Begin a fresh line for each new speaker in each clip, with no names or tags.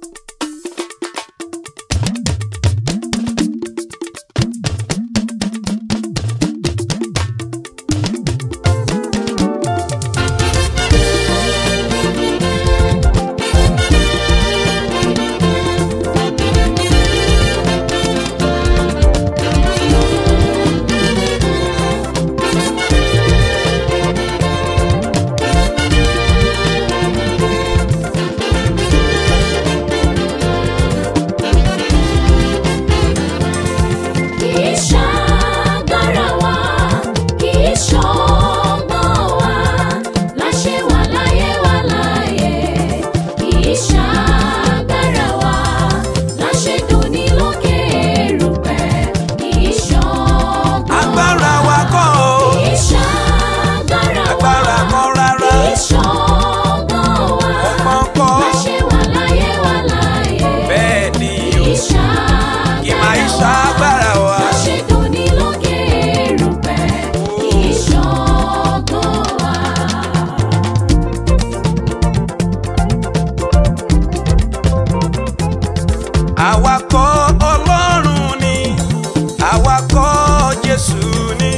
Thank you jésù ní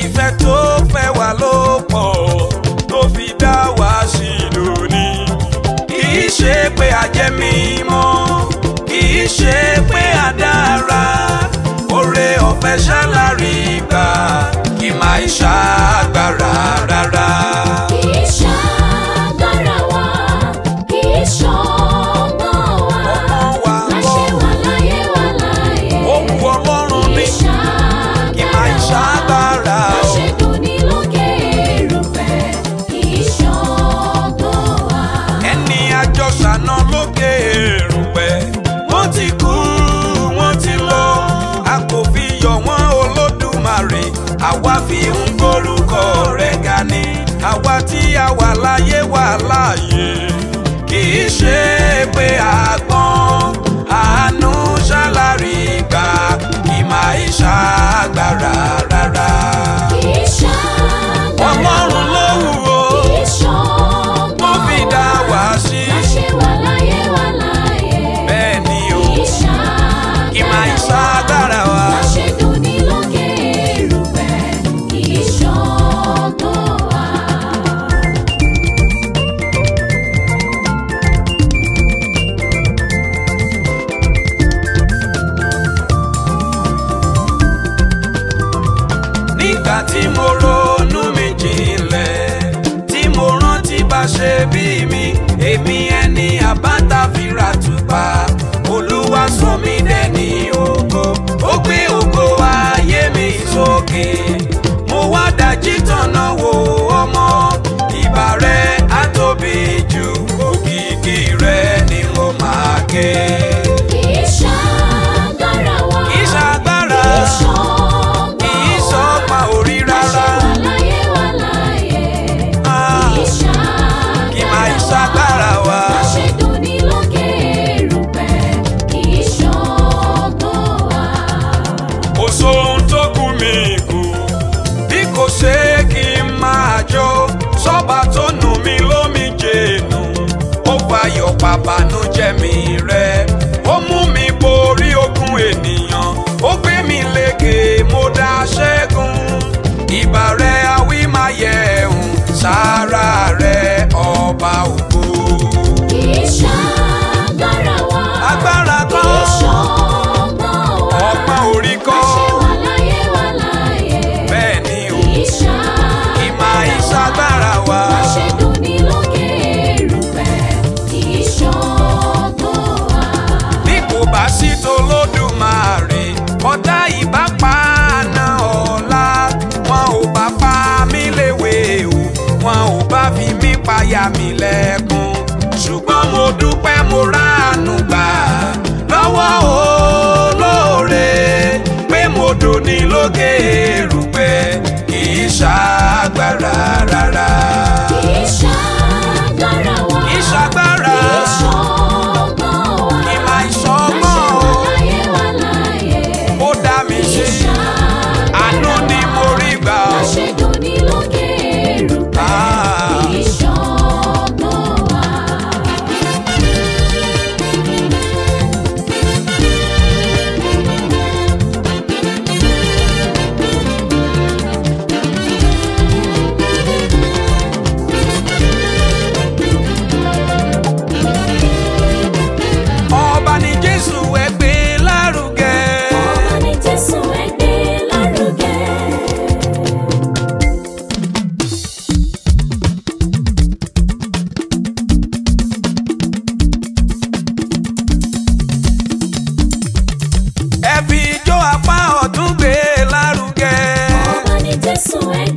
ìfẹ́ tó fẹ́ wá ló pọ̀ tó fi dá wá sí lónìí kì í ṣe pé a jẹ́ mímọ́ kì ṣe pé a oore ọ̀fẹ́ ṣálárí gbà kì máa ṣàgbára rárá. mo ronú mi jinlẹ̀ tí mo rántí bá ṣe bí mi èmi ẹni àbáta fira tùpá olúwa sọ mí dẹni ògo ó gbé ògo ayé mi sókè mo wá dájí tọ̀nà wò ọmọ ìbà rẹ̀ á tóbi jù òkìkí rẹ̀ ni mo máa ké. pa bànújẹ́ mi rẹ́ ó mú mi borí ogun ènìyàn ó gbé mi lékè mo dá ṣẹ́gun ìbà rẹ̀ awímáyẹ̀hùn sára rẹ̀ ọba òkú. fi mí payà mí lẹ́kùn ṣùgbọ́n mo dúpẹ́ mo ráàánú gbà lọ́wọ́ olóore pé mo dòní lókè èrùpẹ̀ kì í ṣàgbára rárá. Sou